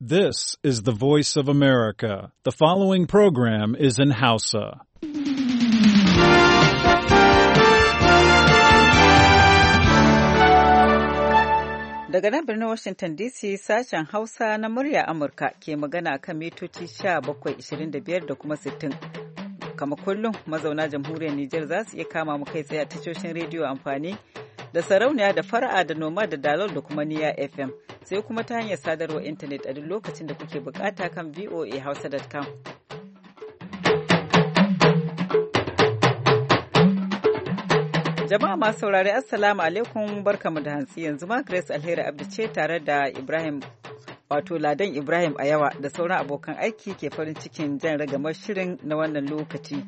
This is the voice of America. The following program is in Hausa. Daga nan birnin Washington DC sashen Hausa na murya Amurka ke magana kan mitoci 1725 da kuma 60. Kama kullum mazauna jamhuriyar Nijar za su iya kama mu kai tsaye a tashoshin rediyo amfani da sarauniya da fara'a da noma da dalol da kuma niya fm sai kuma ta hanyar sadarwar intanet a duk lokacin da kuke bukata kan voahausa.com jama'a masu saurari assalamu alaikum barkamu da hantsi yanzu ma grace alheri abdu ce tare da ibrahim wato ladan ibrahim a yawa da sauran abokan aiki ke farin cikin jan ragamar shirin na wannan lokaci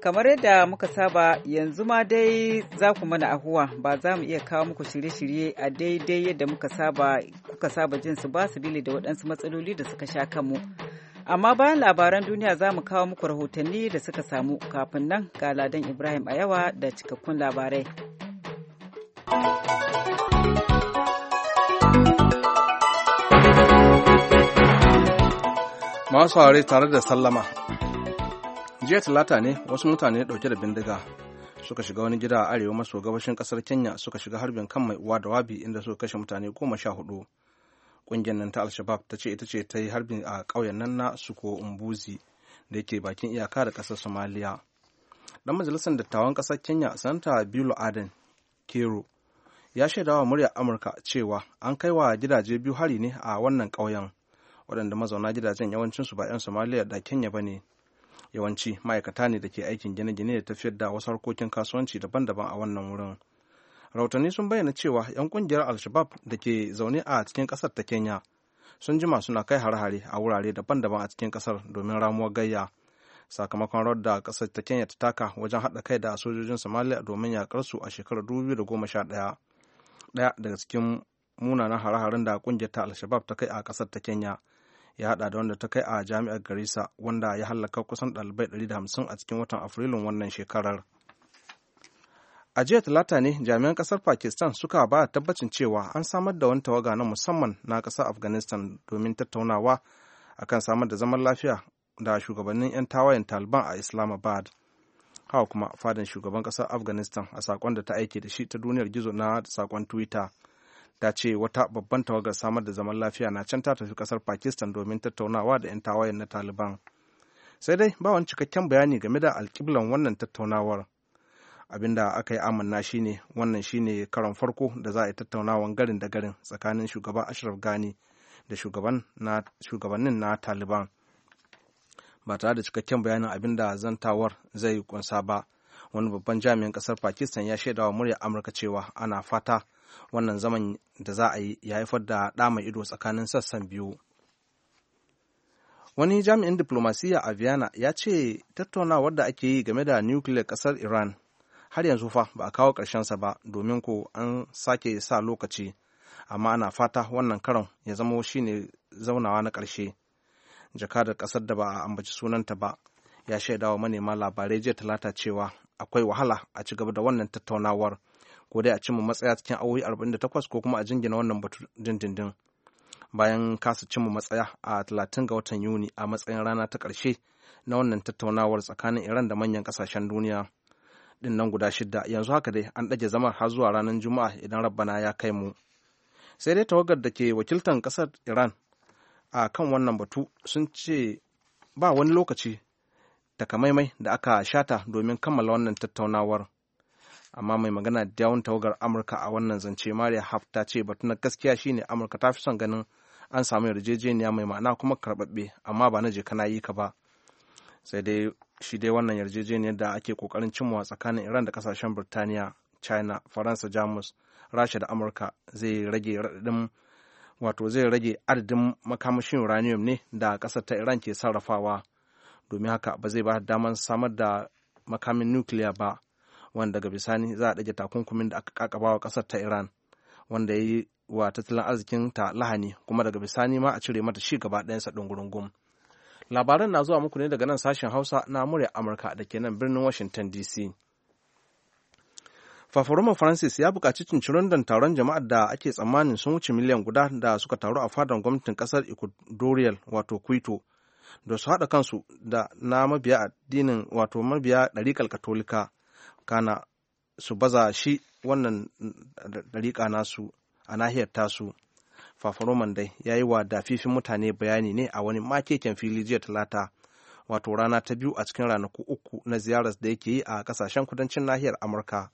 kamar yadda muka saba yanzu ma dai za ku mana ahuwa ba za mu iya kawo muku shirye-shirye a daidai yadda muka saba kuka saba jin su ba su bili da waɗansu matsaloli da suka sha kanmu amma bayan labaran duniya za mu kawo muku rahotanni da suka samu kafin nan ga ladan ibrahim a yawa da cikakkun labarai masu tare da sallama jiya talata ne wasu mutane dauke da bindiga suka shiga wani gida a arewa maso gabashin kasar kenya suka shiga harbin kan mai uwa da wabi inda suka kashe mutane goma sha hudu ƙungiyar nan ta alshabab ta ce ita ce ta yi harbin a ƙauyen nan na suko umbuzi da yake bakin iyaka da ƙasar somaliya dan majalisar dattawan ƙasar kenya santa bilo aden kero ya shaidawa muryar amurka cewa an kai wa gidaje biyu hari ne a wannan ƙauyen waɗanda mazauna gidajen yawancinsu ba 'yan somaliya da kenya ba ne yawanci ma'aikata ne da ke aikin gine-gine da tafiyar da wasu harkokin kasuwanci daban-daban a wannan wurin rahotanni sun bayyana cewa 'yan kungiyar al-shabab da ke zaune a cikin kasar ta kenya sun jima suna kai hare-hare a wurare daban-daban a cikin kasar domin ramuwar gayya sakamakon rawar da kasar ta kenya ta taka wajen haɗa kai da sojojin somalia domin yakar su a shekarar 2011 ɗaya daga cikin munanan hare-haren da kungiyar ta al-shabab ta kai a kasar ta kenya ya hada da wanda ta kai a jami'ar garissa wanda ya hallaka kusan dalibai 150 a cikin watan afrilun wannan shekarar a jiya talata ne jami'an kasar pakistan suka ba tabbacin cewa an samar da wani tawaga na musamman na kasar afghanistan domin tattaunawa akan samar da zaman lafiya da shugabannin 'yan tawayen taliban a islamabad hawa kuma fadin shugaban kasar afghanistan a saƙon da ta aike da shi ta duniyar gizo na saƙon twitter ta ce wata babban tawagar samar da zaman lafiya na can ta tafi kasar pakistan domin tattaunawa da 'yan tawayen na taliban sai dai ba wani cikakken bayani game da alkiblan wannan tattaunawar abinda aka yi amanna shine wannan shine karon farko da za a yi tattaunawan garin da garin tsakanin shugaban ashraf gani da shugabannin na taliban ba tare da cikakken bayanin abin da zantawar zai kunsa ba wani babban jami'in kasar pakistan ya shaidawa murya amurka cewa ana fata wannan zaman da za a yi ya haifar da ɗa mai ido tsakanin sassan biyu wani jami'in diplomasiya a vienna ya ce tattaunawar da ake yi game da nukiliyar ƙasar iran har yanzu fa ba a kawo sa ba domin ko an sake sa lokaci amma ana fata wannan karon ya zama ne zaunawa na ƙarshe jakadar ƙasar da ba a ambaci sunanta ba ya shaidawa manema labarai jiya talata cewa akwai wahala a ci gaba da wannan tattaunawar ko dai a cimma matsaya cikin awowi 48 ko kuma a jingina wannan batu dindindin bayan kasa cimma matsaya a 30 ga watan yuni a matsayin rana ta ƙarshe na wannan tattaunawar tsakanin iran da manyan ƙasashen duniya din nan guda shida yanzu haka dai an ɗage zama har zuwa ranar juma'a idan rabbana ya kai mu sai dai tawagar da ke wakiltar ƙasar iran a kan wannan batu sun ce ba wani lokaci takamaimai da aka shata domin kammala wannan tattaunawar amma mai magana da yawon tawagar amurka a wannan zance maria haf ta ce batu na gaskiya shine amurka ta fi son ganin an samu yarjejeniya mai ma'ana kuma karɓaɓɓe amma ba na je kana yi ka ba sai dai shi dai wannan yarjejeniyar da ake kokarin cimma tsakanin iran da kasashen birtaniya china faransa jamus rasha da amurka zai rage wato zai rage adadin makamashin uranium ne da ƙasar ta iran ke sarrafawa domin haka ba zai ba damar samar da makamin nukiliya ba wanda daga bisani za a ɗage takunkumin da aka kakaba wa ƙasar ta iran wanda ya yi wa tattalin arzikin ta lahani kuma daga bisani ma a cire mata shi gaba ɗayansa ɗungurungun labaran na zuwa muku ne daga nan sashen hausa na murya amurka da ke nan birnin washington dc fafaroma francis ya buƙaci don taron jama'ar da ake tsammanin sun wuce miliyan guda da suka taru a fadar gwamnatin ƙasar ecuadorial wato quito da su haɗa kansu da na mabiya addinin wato mabiya ɗariƙar katolika kana su baza shi wannan dariƙa nasu a nahiyar tasu fafaroman dai ya yi wa dafifin mutane bayani ne a wani makeken fili jiya talata wato rana ta biyu a cikin ranaku uku na ziyarar da yake yi a kasashen kudancin nahiyar amurka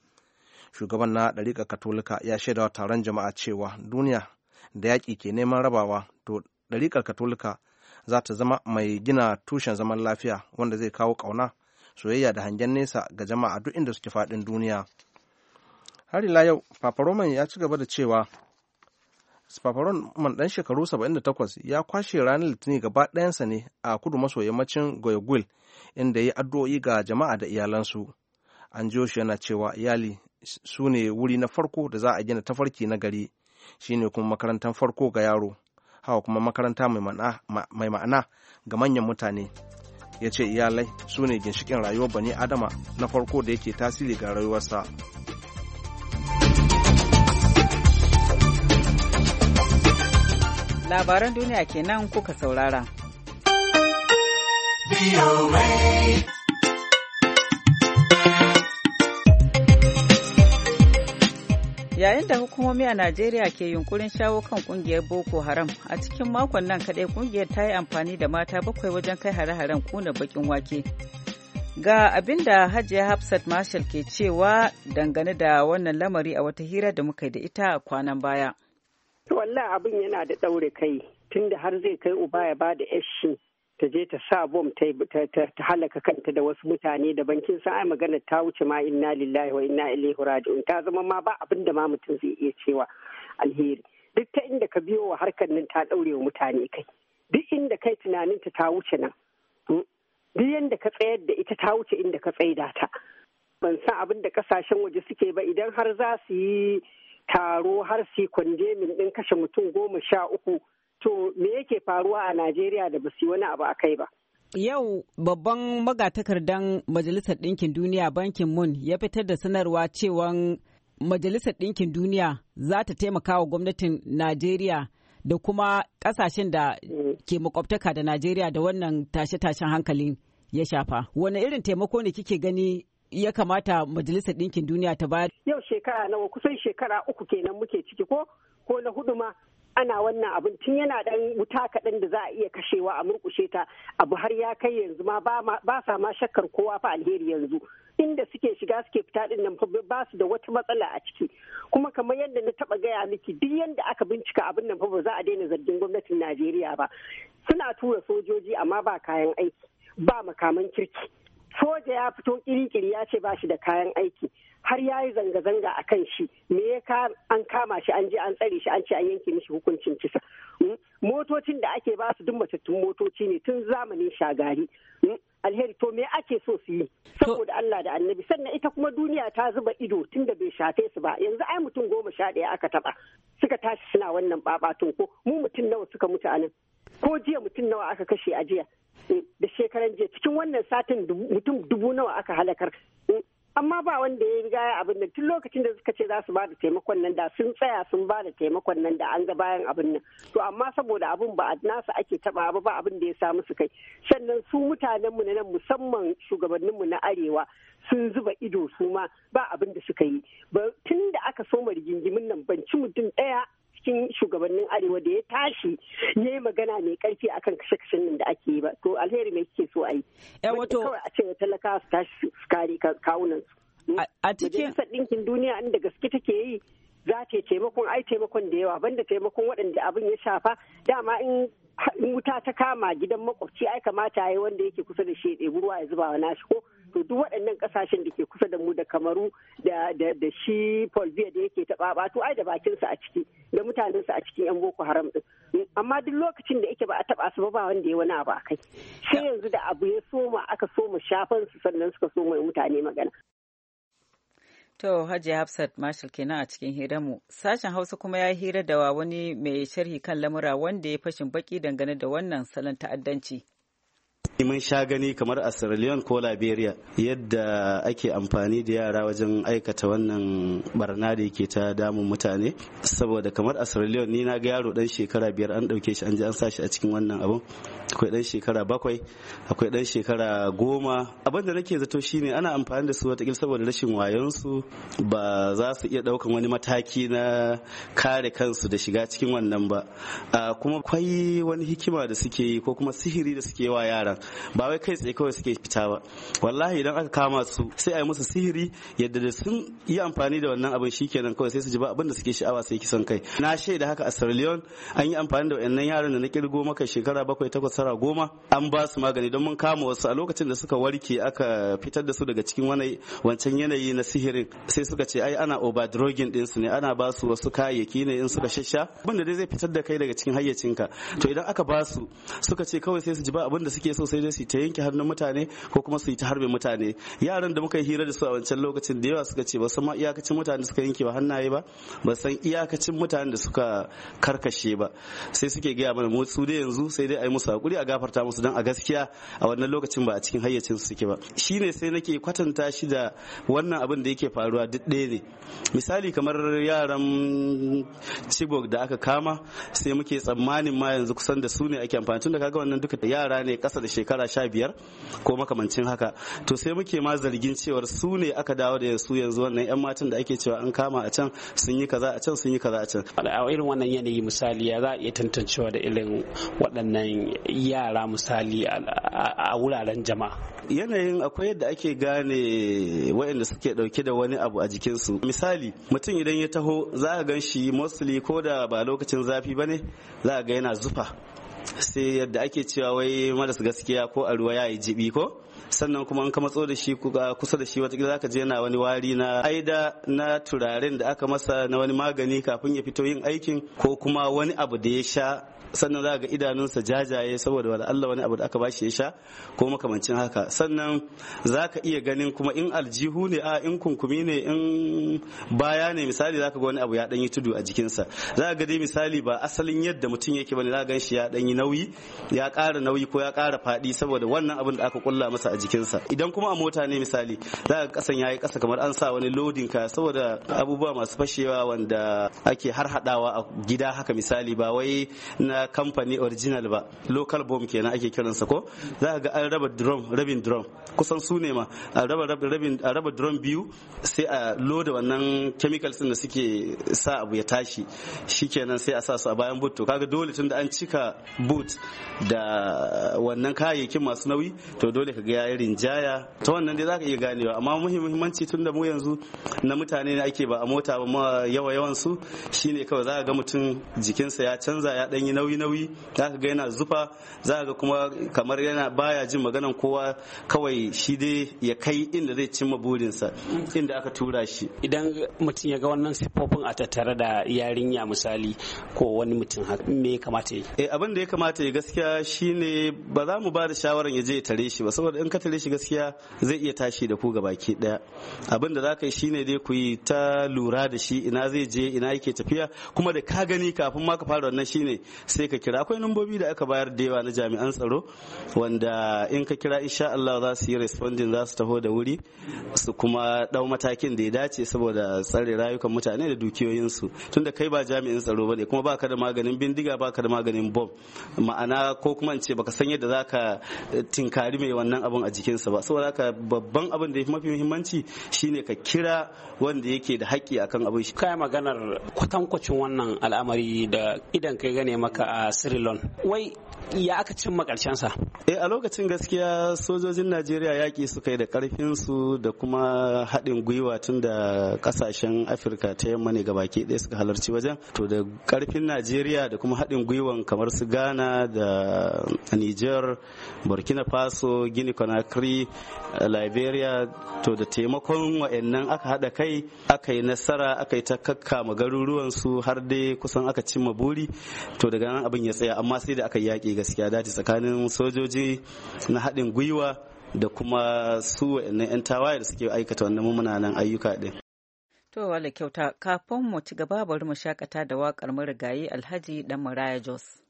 shugaban na dariƙa katolika ya shaidawa taron jama'a cewa duniya da yaƙi ke neman rabawa to dariƙar katolika za ta zama mai gina tushen zaman lafiya wanda zai kawo ƙauna soyayya da hangen nesa ga jama'a duk inda suke faɗin duniya har ila yau paparoman ya ci gaba da cewa papa roman ɗan shekaru 78 ya kwashe ranar litinin gaba ɗayansa ne a kudu maso yammacin goyagul inda ya yi addu'o'i ga jama'a da iyalansu an jiyo shi yana cewa iyali su ne wuri na farko da za a gina tafarki na gari shine kuma makarantar farko ga yaro hawa kuma makaranta mai ma'ana ga manyan mutane ya ce iyalai su ne ginshikin rayuwar bani adama na farko da yake tasiri ga rayuwarsa labaran duniya kenan kuka saurara yayin da hukumomi a najeriya ke yunkurin shawo kan kungiyar boko haram a cikin makon nan kadai kungiyar ta yi amfani da mata bakwai wajen kai hare-haren kuna bakin wake ga abin da hajiya hafsat marshal ke cewa dangane da wannan lamari a wata hira da muka yi da ita a kwanan baya wallah abin yana da ɗaure kai tunda har zai kai uba ya ba da shi ta je ta sa bom ta halaka kanta da wasu mutane da bankin sa ai magana ta wuce ma inna lillahi wa inna ilaihi raji'un ta zama ma ba abin da ma mutum zai iya cewa alheri duk ta inda ka biyo wa harkar nan ta daure wa mutane kai duk inda kai tunanin ta ta wuce nan hmm? duk yanda ka tsayar da ita ta wuce inda ka tsaida ta ban san abin da kasashen waje suke ba idan har za su yi taro har su yi min din kashe mutum goma sha uku to me yake faruwa a Najeriya da basu wani abu a kai ba. Yau babban magatakardan Majalisar Ɗinkin Duniya Bankin Mun ya fitar da sanarwa cewa Majalisar Ɗinkin Duniya za ta taimaka wa gwamnatin Najeriya da kuma ƙasashen da ke makwabtaka da Najeriya da wannan tashe-tashen hankalin ya shafa. Wane irin taimako ne kike gani ya kamata Majalisar Dinkin Duniya ta bayar? Yau shekara nawa kusan shekara uku kenan muke ciki ko ko na hudu ma ana wannan abin tun yana dan wuta kaɗan da za a iya kashewa a murkushe ta abu har ya kai yanzu ma ba sa ma shakkar kowa fa alheri yanzu inda suke shiga suke fita din nan fa ba su da wata matsala a ciki kuma kamar yadda na taba gaya miki duk yadda aka bincika abin nan fa ba za a daina zargin gwamnatin Najeriya ba suna tura sojoji amma ba kayan aiki ba makaman kirki soja ya fito kiri-kiri ya ce ba shi da kayan aiki har ya yi zanga-zanga a kan shi me ya an kama shi an je an tsare shi an ce an yanke mishi hukuncin kisa mm, motocin da ake ba su duk matattun motoci ne tun zamanin shagari mm, alheri to me ake so su yi saboda Allah da annabi sannan ita kuma duniya ta zuba ido tun da bai shafe su ba yanzu ai mutum goma sha ɗaya aka taba suka tashi suna wannan babatun ko mu mutum nawa suka mutu a nan ko jiya mutum nawa aka kashe a jiya eh, da shekaran jiya cikin wannan satin mutum dubu nawa aka halakar mm, amma ba wanda ya riga ya abin nan tun lokacin da suka ce za su ba da taimakon nan da sun tsaya sun ba da taimakon nan da an ga bayan abin nan to amma saboda abin ba a nasa ake taba ba ba abin da ya samu su kai sannan su mutanenmu na nan musamman shugabanninmu na arewa sun zuba ido su ma ba abin da suka yi tun da aka soma rigingimin nan ban ci mutum ɗaya cikin shugabannin arewa da ya tashi ne magana mai karfi akan kashe-kashen nan da ake yi ba to alheri mai kike so a yi eh, kawai a ce talakawa su tashi su kare kawunan su a cikin ɗinkin duniya inda gaske take yi za ta taimakon ai taimakon da yawa banda taimakon waɗanda abin ya shafa dama in in wuta ta kama gidan makwabci ai kamata yayi wanda yake kusa da shi ya ruwa ya zuba wa nashi ko to duk waɗannan kasashen da ke kusa da mu da kamaru da da shi polvia da yake ta ɓaɓa to ai da bakinsa a ciki da sa a cikin yan boko haram din amma duk lokacin da yake ba a taba su ba ba wanda ya wani abu a kai sai yanzu da abu ya soma aka soma shafan su sannan suka soma mutane magana To hajji Hafsat Marshall kenan a cikin hiranmu. Sashen Hausa kuma ya hira da wa wani mai sharhi kan lamura wanda ya fashin baki dangane da wannan salon ta'addanci. mun sha gani kamar a Sierra Leone ko Liberia yadda ake amfani da yara wajen aikata wannan barna da yake ta damun mutane saboda kamar a Sierra Leone ni na ga yaro dan shekara biyar an dauke shi an je an sa shi a cikin wannan abun akwai dan shekara bakwai akwai dan shekara goma abinda nake zato shine ana amfani da su watakila saboda rashin wayon su ba za su iya daukan wani mataki na kare kansu da shiga cikin wannan ba kuma kwai wani hikima da suke yi ko kuma sihiri da suke wa yara ba wai kai tsaye kawai suke fita ba wallahi idan aka kama su sai a yi musu sihiri yadda da sun yi amfani da wannan abin shikenan kawai sai su ji ba abin da suke sha'awa sai kisan kai na shaida haka a Sierra Leone an yi amfani da wayannan yaran da na kirgo maka shekara bakwai takwas tara goma an ba su magani don mun kama wasu a lokacin da suka warke aka fitar da su daga cikin wani wancan yanayi na sihirin sai suka ce ai ana overdrugging din su ne ana ba su wasu kayayyaki ne in suka shasha abin da dai zai fitar da kai daga cikin hayyacinka to idan aka ba su suka ce kawai sai su ji ba abin suke so so sai dai su ta yanke hannun mutane ko kuma su yi ta harbe mutane yaran da muka yi hira da su a wancan lokacin da yawa suka ce ba san ma iyakacin mutane da suka yanke ba hannaye ba ba san iyakacin mutane da suka karkashe ba sai suke gaya mana mu su dai yanzu sai dai a yi musu hakuri a gafarta musu dan a gaskiya a wannan lokacin ba a cikin hayyacin su suke ba shine sai nake kwatanta shi da wannan abin da yake faruwa duk ɗaya ne misali kamar yaran chibok da aka kama sai muke tsammanin ma yanzu kusan da su ne ake amfani tun da kaga wannan duka yara ne kasa da shekara sha biyar ko makamancin haka to sai muke ma zargin cewar su ne aka dawo da su yanzu wannan yan matan da ake cewa an kama a can sun yi kaza a can sun yi kaza a can a irin wannan yanayi misali ya za a iya tantancewa da irin waɗannan yara misali a wuraren jama'a yanayin akwai yadda ake gane waɗanda suke ɗauke da wani abu a jikinsu misali mutum idan ya taho za a gan shi mostly ko da ba lokacin zafi ba ne za a ga yana zufa sai yadda ake cewa wai maras gaskiya ko a ruwa ya yi jibi ko sannan kuma an ka matso da shi uh, kusa da shi wata watakila zaka je na wani wari na aida na turaren da aka masa na wani magani kafin ya fito yin aikin ko kuma wani abu da ya sha sannan za ga idanunsa jajaye saboda wala Allah wani abu da aka bashi ya sha ko makamancin haka sannan za ka iya ganin kuma in aljihu ne a in kunkumi ne in baya ne misali za ka ga wani abu ya yi tudu a jikinsa za ka dai misali ba asalin yadda mutum yake bane za shi ya yi nauyi ya ƙara nauyi ko ya ƙara faɗi saboda wannan abin da aka kulla masa a jikinsa idan kuma a mota ne misali za ga kasan yayi ƙasa kamar an sa wani lodin ka saboda abubuwa masu fashewa wanda ake har hadawa a gida haka misali ba wai na kamfani original ba local bomb kenan ake kiransa ko za ga an raba drum rabin drum kusan su ne ma a raba rabin a raba drum biyu sai a loda wannan chemicals din da suke sa abu ya tashi shikenan sai a sa su a bayan boot to kaga dole tun da an cika boot da wannan kayayyakin masu nauyi to dole ka ga yayin rinjaya ta wannan dai zaka iya ganewa amma muhimmanci tun da mu yanzu na mutane ne ake ba a mota ba yawa yawan su shine kawai za ga mutum jikinsa ya canza ya danyi nauyi nauyi nauyi za ka ga yana zufa za ka ga kuma kamar yana baya jin maganan kowa kawai shi dai ya kai inda zai cimma burinsa inda aka tura shi idan mutum ya ga wannan siffofin a tattare da yarinya misali ko wani mutum me ya kamata yi eh abin da ya kamata ya gaskiya shine ba za mu ba da shawarar ya je ya tare shi ba saboda in ka tare shi gaskiya zai iya tashi da ku gabaki daya abin da za ka yi shine dai ku yi ta lura da shi ina zai je ina yake tafiya kuma da ka gani kafin ma ka fara wannan shine sai sai ka kira akwai numbobi da aka bayar da yawa na jami'an tsaro wanda in ka kira insha Allah za su yi responding za su taho da wuri su kuma dau matakin da ya dace saboda tsare rayukan mutane da dukiyoyin su tunda kai ba jami'in tsaro bane kuma baka da maganin bindiga baka da maganin bomb ma'ana ko kuma in ce baka san yadda zaka eh, tinkari mai wannan abun a jikinsa ba saboda haka babban abin da mafi muhimmanci shine ka kira wanda yake da haƙƙi akan abin shi kai maganar kwatankwacin wannan al'amari da idan kai gane maka amurka a sri wai ya aka cimma sa. eh a lokacin gaskiya sojojin najeriya yaƙi suka yi da ƙarfinsu da kuma haɗin gwiwa tun da ƙasashen afirka ta yamma ne gabaki ɗaya suka halarci wajen to da ƙarfin najeriya da kuma haɗin gwiwan kamar su ghana da niger burkina faso guinea conakry liberia to da taimakon wa'annan aka haɗa kai aka yi nasara aka yi ta kakkama su har dai kusan aka cimma buri to daga nan abin ya tsaya amma sai da aka yaƙi gaskiya daji tsakanin sojoji na haɗin gwiwa da kuma su wa'annan 'yan tawaye da suke aikata wannan mummunan ayyuka ɗin. To wala kyauta kafin mu ci gaba bari mu shakata da waƙar marigayi Alhaji Dan Maraya Jos.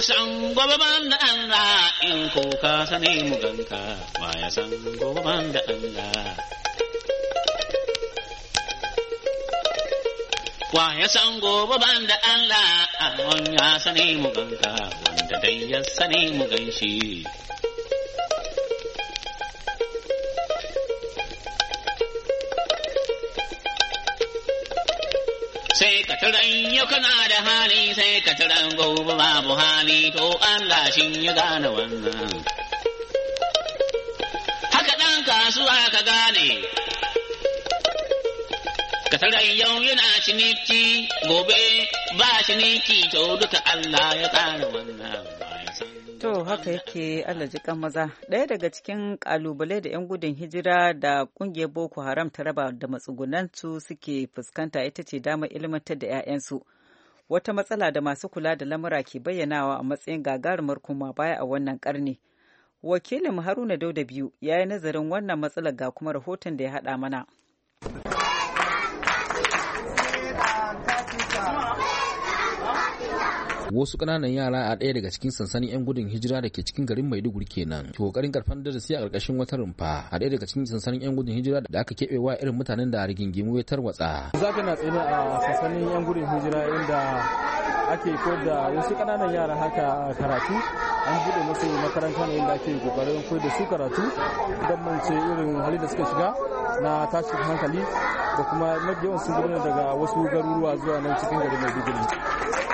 ya san gobe da Allah in ko ka sani mu ganka wa ya san gobe da Allah wa ya san gobe da Allah a ya sani mu ganka wanda dai ya sani mu ganshi sai ka turan yau kana da hali sai ka turan gobe babu hali to Allah shi ya gane wannan haka ɗan kasuwa ka gane ka turan yau yana ciniki gobe ba ciniki to duka Allah ya tsara wannan To haka yake alajikan maza. Ɗaya daga cikin ƙalubale da 'yan gudun hijira da ƙungiyar Boko Haram ta raba da matsugunansu suke fuskanta ita ce damar ilmantar da 'ya'yansu. Wata matsala da masu kula da lamura ke bayyanawa a matsayin gagarumar kuma baya a wannan karni Wakilin Haruna Dauda biyu ya yi nazarin wannan matsalar ga kuma rahoton da ya haɗa mana. wasu ƙananan yara a ɗaya daga cikin sansanin 'yan gudun hijira da ke cikin garin maiduguri kenan ƙoƙarin karfan darasi a ƙarƙashin wata rumfa a ɗaya daga cikin sansanin 'yan gudun hijira da aka keɓe wa irin mutanen da rigingimu ya tarwatsa ka na tsaye a sansanin 'yan gudun hijira inda ake koyar da wasu ƙananan yara haka karatu an buɗe musu makaranta ne inda ake kokarin koyar da su karatu don mance irin hali da suka shiga na tashin hankali da kuma yawan sun daga wasu garuruwa zuwa nan cikin garin maiduguri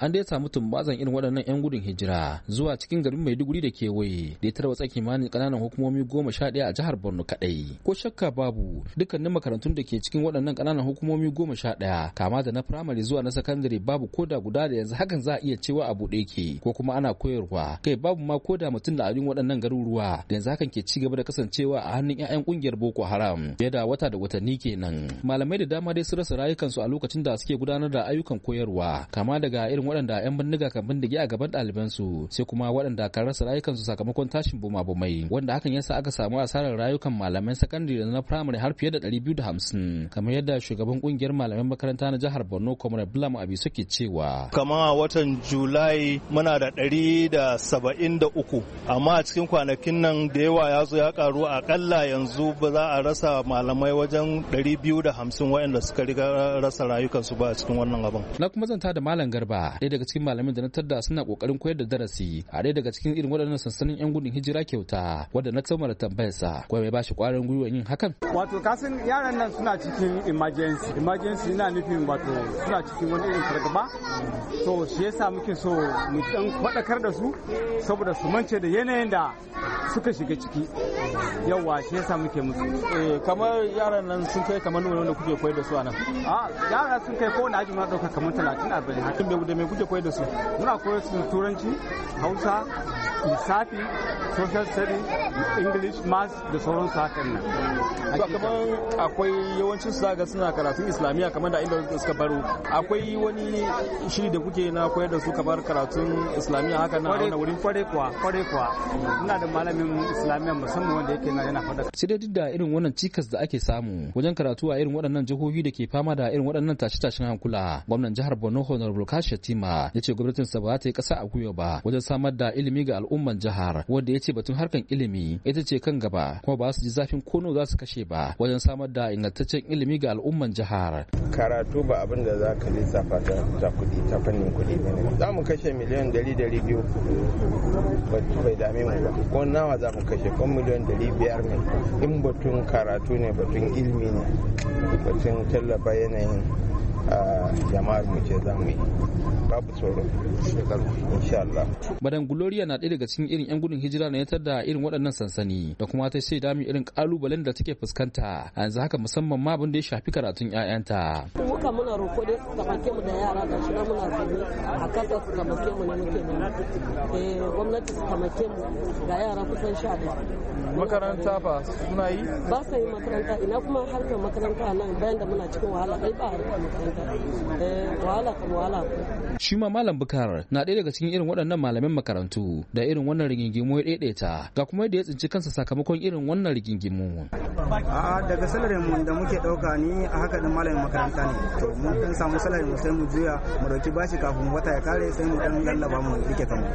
an dai samu tumbazan irin waɗannan 'yan gudun hijira zuwa cikin garin maiduguri da kewaye da ya tarwatsa kimanin ƙananan hukumomi goma sha ɗaya a jihar borno kaɗai ko shakka babu dukkanin makarantun da ke cikin waɗannan ƙananan hukumomi goma sha ɗaya kama da na firamare zuwa na sakandare babu koda guda da yanzu hakan za a iya cewa a buɗe ke ko kuma ana koyarwa kai babu ma koda mutum da abin waɗannan garuruwa da yanzu hakan ke ci gaba da kasancewa a hannun 'ya'yan ƙungiyar boko haram fiye da wata da watanni kenan malamai da dama dai su rasa rayukansu a lokacin da suke gudanar da ayyukan koyarwa kama daga irin irin waɗanda 'yan bindiga kan bindige a gaban su sai kuma waɗanda kan rasa rayukansu sakamakon tashin bumabumai wanda hakan yasa aka samu asarar rayukan malamai sakandare da na firamare har fiye da 250 kamar yadda shugaban kungiyar malaman makaranta na jihar Borno Comrade blam Abi suke cewa kama watan Julai muna da 173 amma a cikin kwanakin nan da yawa ya zo ya karu akalla yanzu ba za a rasa malamai wajen 250 waɗanda suka riga rasa rayukansu ba a cikin wannan abin na kuma zanta da malam Garba ɗaya daga cikin malamin da na tarda suna kokarin koyar da darasi a ɗaya daga cikin irin waɗannan sansanin yan gudun hijira kyauta wanda na da tambayarsa ko mai bashi kwarin gwiwa yin hakan wato kasan yaran nan suna cikin emergency emergency yana nufin wato suna cikin wani irin fargaba to shi yasa muke so mu dan faɗakar da su saboda su mance da yanayin da suka shiga ciki yawa shi yasa muke musu eh, kamar yaran nan sun kai kamar nuna wanda kuke koyar da su a nan a ah, yara sun kai ko na ajin ma ɗauka kamar talatin arba'in hakan bai me kuke koyar da su muna koyar su turanci hausa lissafi social studies english maths da sauran su hakan nan kamar akwai yawancin su zaga suna karatun islamiyya kamar da inda suka baro akwai wani shiri da kuke na koyar da su kamar karatun islamiyya haka na wani wurin kware kuwa kware kuwa ina da malamin islamiyya musamman wanda yake na yana fada sai dai duk da irin wannan cikas da ake samu wajen karatu a irin waɗannan jihohi da ke fama da irin waɗannan tashe-tashen hankula gwamnan jihar Borno Honorable Kashi Galadima ya ce gwamnatin sa ba ta yi kasa a gwiwa ba wajen samar da ilimi ga al'umman jihar wanda ya ce batun harkan ilimi ita ce kan gaba kuma ba su ji zafin kono za su kashe ba wajen samar da ingantaccen ilimi ga al'umman jihar. Karatu ba abin da za ka lissafa ta kuɗi ta fannin kuɗi ne. Za mu kashe miliyan dari dari biyu bai dame mu ba. Ko nawa za mu kashe ko miliyan dari biyar ne. In batun karatu ne batun ilimi ne batun tallafa yanayin jama'ar mu ce za mu yi babu tsoro insha Allah. Madan Gloria na ɗaya daga cikin irin 'yan gudun hijira na yatar da irin waɗannan sansani da kuma ta ce dami irin kalubalen da take fuskanta a yanzu haka musamman ma abin da ya shafi karatun 'ya'yanta. Muka muna roko dai su kamake mu da yara da shi muna zaune a kasa su kamake mu ne muke eh Gwamnati su kamake mu ga yara kusan sha Makaranta ba suna yi? Ba sai yi makaranta ina kuma harkar makaranta nan bayan da muna cikin wahala ai ba harkar makaranta. shi ma malam bukar na ɗaya daga cikin irin waɗannan malamin makarantu da irin wannan rigingimu ya ɗaiɗaita ga kuma yadda ya tsinci kansa sakamakon irin wannan rigingimu a daga salarin mu da muke ɗauka ni a haka ɗin malamin makaranta ne to mu ɗan samu salarin mu sai mu juya mu ɗauki bashi kafin wata ya kare sai mu ɗan lallaba mu rike kanmu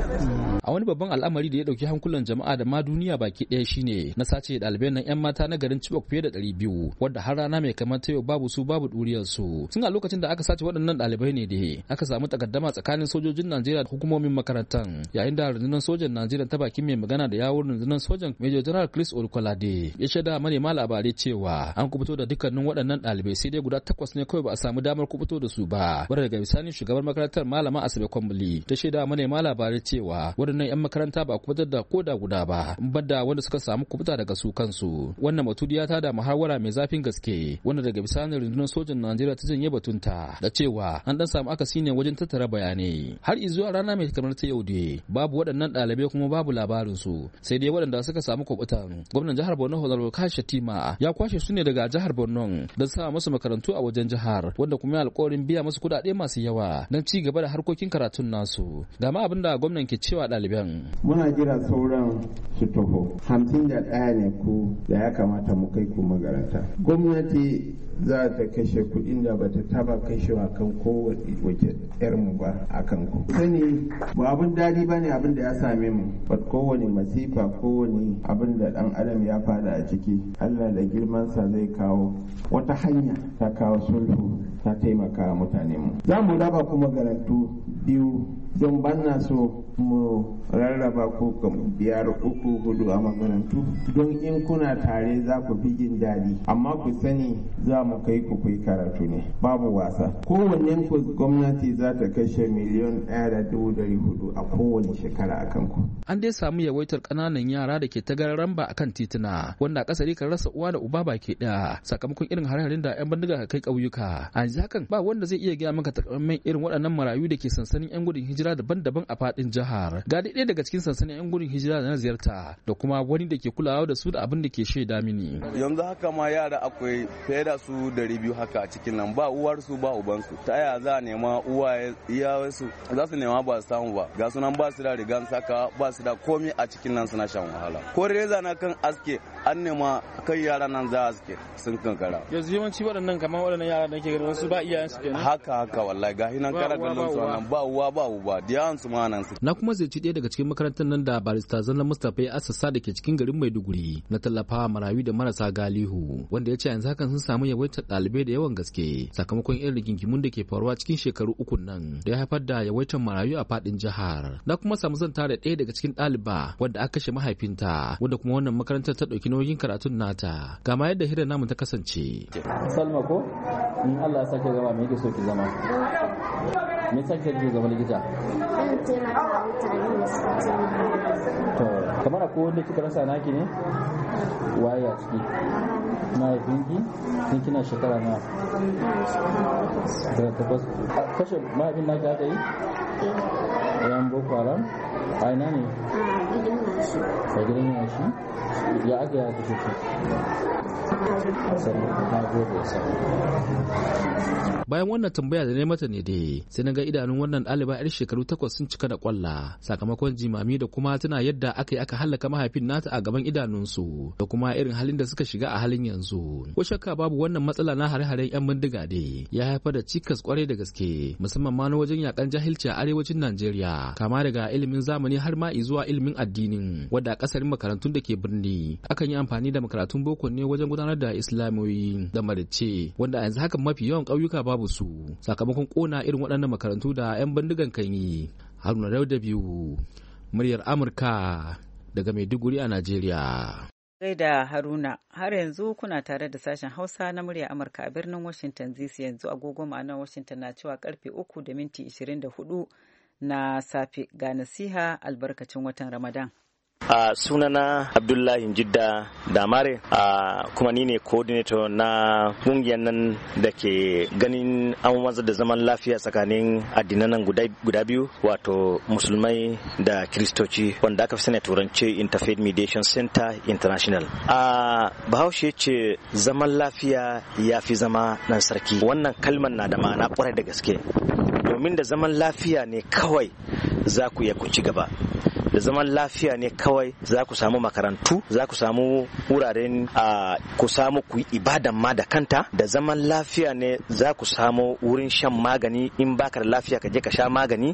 a wani babban al'amari da ya ɗauki hankulan jama'a da ma duniya baki ɗaya shine na sace ɗalibai nan 'yan mata na garin Chibok fiye da 200 wadda har rana mai kamar ta yau babu su babu ɗuriyar su tun a lokacin da aka sace waɗannan ɗalibai ne dai aka samu takaddama tsakanin sojojin Najeriya da hukumomin makarantar yayin da rundunar sojan Najeriya ta bakin mai magana da yawun rundunar sojan Major General Chris Olukolade ya shaida manema labarai cewa an kubuto da dukkanin waɗannan ɗalibai sai dai guda takwas ne kawai ba a samu damar kubuto da su ba wanda daga bisani shugabar makarantar malama Asabe Kwambuli ta shaida manema labarai cewa waɗannan 'yan makaranta ba kubutar da koda guda ba badda wanda suka samu kubuta daga su kansu wannan batudiya ta da muhawara mai zafin gaske wanda daga bisani rundunar sojan Najeriya ta janye batun musanta da cewa an dan samu akasi ne wajen tattara bayanai har izuwa rana mai kamar ta yau dai babu waɗannan ɗalibai kuma babu labarin su sai dai waɗanda suka samu kwabutan gwamnan jihar Borno Honorable Kashi Tima ya kwashe su ne daga jihar Borno don sa musu makarantu a wajen jihar wanda kuma ya alƙawarin biya musu kuɗaɗe masu yawa don ci gaba da harkokin karatun nasu ga ma abin da gwamnan ke cewa ɗaliban muna jira sauran su taho hamsin da ɗaya ne ku da ya kamata mu kai ku magaranta gwamnati za ta kashe kuɗin da bata taba kashewa kan kowace wace yarmu ba a kan ku sani ba abin daɗi ba ne abin da ya same mu ba kowane masifa kowane abin da ɗan adam ya fada a ciki allah da girmansa zai kawo wata hanya ta kawo sulhu ta taimaka mutane mu za mu raba kuma garantu biyu don banna so mu rarraba ko biyar uku hudu a makarantu don in kuna tare za ku fi jin daɗi amma ku sani za mu kai ku kai karatu ne babu wasa kowanne ku gwamnati za ta kashe miliyon ɗaya da dubu dari hudu a kowane shekara a kanku. an dai samu yawaitar ƙananan yara da ke Ramba ba kan tituna wanda akasari kan rasa uwa da uba baki ɗaya sakamakon irin hare-haren da 'yan bindiga kai ƙauyuka a hakan ba wanda zai iya gaya maka takamaiman irin waɗannan marayu da ke sansanin 'yan gudun hijira hijira daban-daban a fadin jihar ga ɗaya daga cikin sansanin 'yan gudun hijira da na ziyarta da kuma wani da ke kulawa da su da abin da ke shaida mini yanzu haka ma yara akwai fiye da su dari biyu haka a cikin nan ba uwarsu ba ubansu ta yaya za a nema uwaye iyawarsu za su nema ba su samu ba ga sunan ba su da rigan saka ba su da komi a cikin nan suna shan wahala ko reza na kan aske an nema kan yara nan za a aske sun kankara yanzu yawanci waɗannan kamar waɗannan yara da ke ganin su ba iyayensu kenan haka haka wallahi ga hinan kara gallon su nan ba uwa ba uba ba diyan su ma nan na kuma ziyarci ɗaya daga cikin makarantar nan da barista zallan mustapha ya assasa da ke cikin garin maiduguri na tallafawa marayu da marasa galihu wanda ya ce yanzu hakan sun samu yawaitar ɗalibai da yawan gaske sakamakon irin rigingimun da ke faruwa cikin shekaru uku nan da ya haifar da yawaitar marayu a faɗin jihar na kuma samu zan tare ɗaya daga cikin ɗaliba wadda aka kashe mahaifinta wanda kuma wannan makarantar ta ɗauki nauyin karatun nata ga ma yadda hirar namu ta kasance. Salma ko? In Allah ya sake zama mai yake so ki zama? me yasa kika kike zama likita zan taimaka mutane da suka ce to kamar ko wanda kika rasa naki ne waye a ciki mahaifinki tun kina shekara na daga tabbas kashe ma na naka yi eh. yan boko haram a ina ne girma ya aka ya bayan wannan tambaya da ne mata ne dai sai na ga idanun wannan ɗaliba yar shekaru takwas sun cika da kwalla sakamakon jimami da kuma tana yadda aka yi aka hallaka mahaifin nata a gaban idanunsu da kuma irin halin da suka shiga a halin yanzu ko shakka babu wannan matsala na hare-haren yan bindiga dai ya haifar da cikas kwarai da gaske musamman ma na wajen yakan jahilci a arewacin najeriya kama daga ilimin zamani har ma zuwa ilimin addini addinin wadda kasar makarantun da ke birni akan yi amfani da makarantun boko ne wajen gudanar da islamiyoyi da marice wanda a yanzu haka mafi yawan ƙauyuka babu su sakamakon kona irin waɗannan makarantu da 'yan bindigan kan yi haruna da biyu muryar amurka daga maiduguri a najeriya da haruna har yanzu kuna tare da sashen hausa na murya amurka a birnin washington dc yanzu agogo ma'anar washington na cewa karfe uku da minti da hudu. na safe ga nasiha albarkacin watan Ramadan. a sunana abdullahi jidda damare a kuma ni ne coordinator na kungiyar nan da ke ganin an wanzar da zaman lafiya tsakanin addinan nan guda biyu wato musulmai da kiristoci wanda aka fi sani turance interfaith mediation center international a bahaushe ce zaman lafiya ya fi zama nan sarki wannan kalmar na da ma'ana kwarai da gaske domin da zaman lafiya ne kawai za ku iya ku ci gaba da zaman lafiya ne kawai za ku samu makarantu za ku samu wuraren ku samu ku ibadan ma da kanta da zaman lafiya ne za ku samu wurin shan magani in baka da lafiya ka je ka sha magani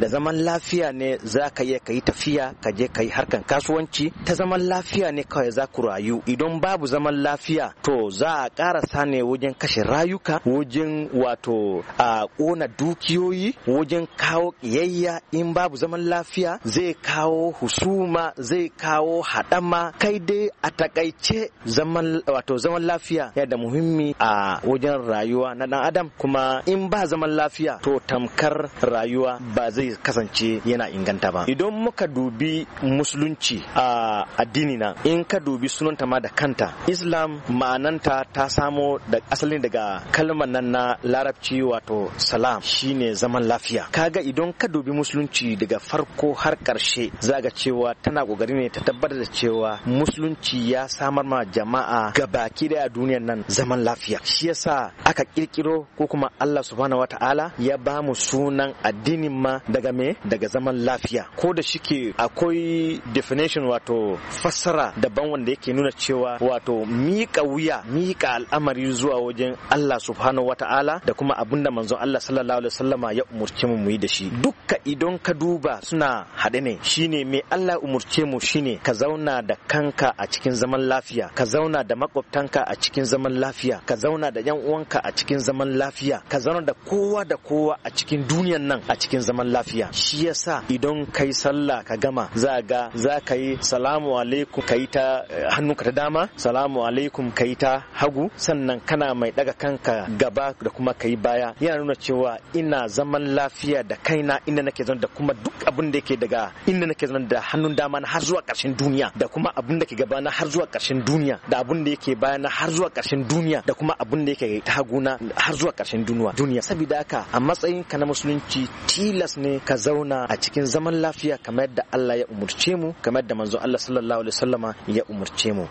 da zaman lafiya ne za ka iya ka yi tafiya ka je ka yi harkan kasuwanci ta zaman lafiya ne kawai za ku rayu idan babu zaman lafiya to za a karasa ne wajen kashe rayuka wajen wato a ƙona dukiyoyi wajen kawo ƙiyayya in babu zaman lafiya zai kawo kawo husuma zai kawo haɗama kai dai a takaice zaman wato zaman lafiya ya da muhimmi a wajen rayuwa na dan adam kuma in ba zaman lafiya to tamkar rayuwa ba zai kasance yana inganta ba idan muka dubi musulunci a addini na in ka dubi sunanta ma da kanta islam ma'ananta ta samo da asali daga kalmar nan na larabci wato salam shine zaman lafiya kaga idan ka dubi musulunci daga farko har karshe zaga za ga cewa tana kokari ne ta tabbatar da cewa musulunci ya samar ma jama'a gabaki daya a duniyar nan zaman lafiya shi yasa aka kirkiro ko kuma Allah subhanahu wataala ya ba mu sunan addinin ma daga me daga zaman lafiya ko da shike akwai definition wato fassara daban wanda yake nuna cewa wato miƙa wuya miƙa al'amari zuwa wajen Allah subhanahu wataala da kuma abinda manzon Allah sallallahu alaihi wasallama ya umurce mu yi da shi dukka idan ka duba suna haɗe ne shine mai Allah umurce mu shine ka zauna da kanka a cikin zaman lafiya ka zauna da makwabtanka a cikin zaman lafiya ka zauna da yan uwanka a cikin zaman lafiya ka zauna da kowa da kowa a cikin duniyan nan a cikin zaman lafiya shi yasa idan kai sallah ka gama za ga za ka yi salamu alaikum ka yi ta eh, ka ta dama salamu alaikum ka yi ta hagu sannan kana mai daga kanka gaba da kuma ka yi baya yana nuna cewa ina zaman lafiya da kaina inda nake zaune da kuma duk abin da yake daga inda da ke zama da hannun dama na har zuwa ƙarshen duniya da kuma abin da ke gaba na har zuwa ƙarshen duniya da abin da yake baya na har zuwa ƙarshen duniya da kuma abin da yake ta haguna har zuwa ƙarshen duniya duniya saboda haka a matsayin ka na musulunci tilas ne ka zauna a cikin zaman lafiya kamar yadda Allah ya umurce mu kamar yadda manzo Allah sallallahu alaihi wasallama ya umurce mu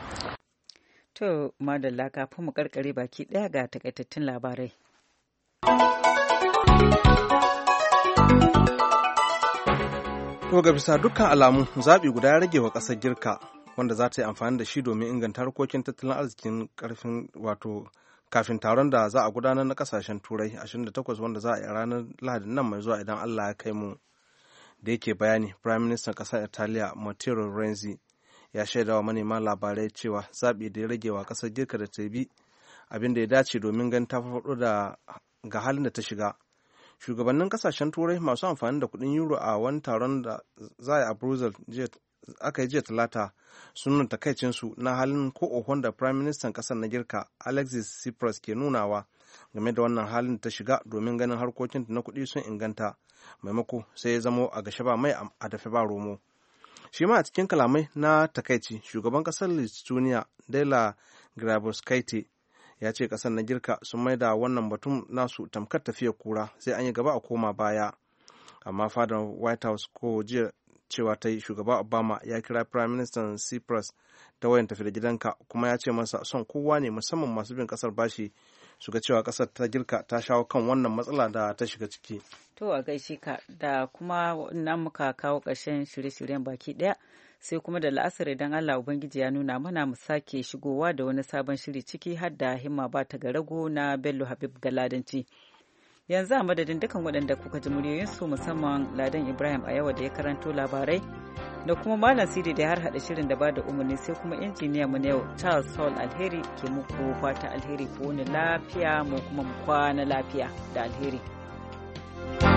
to madalla kafin mu karkare baki daya ga takaitattun labarai To ga bisa dukkan alamu zaɓi guda ya rage wa ƙasar Girka wanda za ta yi amfani da shi domin inganta harkokin tattalin arzikin ƙarfin wato kafin taron da za a gudanar na ƙasashen turai 28 wanda za a yi ranar lahadin nan mai zuwa idan Allah ya kai mu. Da yake bayani Prime Minister ƙasar Italiya Matteo Renzi ya shaida wa manema labarai cewa zaɓi da ya rage wa ƙasar Girka da ta bi abin da ya dace domin ganin ta faɗo da ga halin da ta shiga shugabannin kasashen turai masu amfani da kuɗin euro a wani taron da za a brussels aka yi jiya talata sun nuna takaicinsu na halin ko ohon da prime minister kasar na girka alexis tsipras ke nunawa game da wannan halin da ta shiga domin ganin harkokin na kuɗi sun inganta maimako sai ya zamo a gashe ba mai a dafe ba romo shi ma a cikin kalamai na takaici shugaban kasar lithuania dela grabuskaite ya ce kasar na girka sun maida wannan batun nasu tamkar tafiyar kura sai an yi gaba a koma baya amma fadar white house ko jiya cewa ta yi shugaba obama ya kira prime minister cyprus ta wayan tafi da gidanka kuma ya ce masa son kowa ne musamman masu bin kasar bashi su ga cewa kasar ta girka ta shawo kan wannan matsala da ta shiga ciki to a gaishe ka da kuma nan muka kawo ƙarshen shirye-shiryen baki ɗaya sai kuma da la'asar idan Allah Ubangiji ya nuna mana mu sake shigowa da wani sabon shiri ciki har da himma ba ta ga rago na Bello Habib Galadanci. Yanzu a madadin dukan waɗanda kuka ji su musamman Ladan Ibrahim a yawa da ya karanto labarai da kuma Malam Sidi da ya har haɗa shirin da ba da umarni sai kuma injiniya mu na yau Charles Saul Alheri ke muku fata alheri ko wani lafiya mu kuma mu kwana lafiya da alheri. thank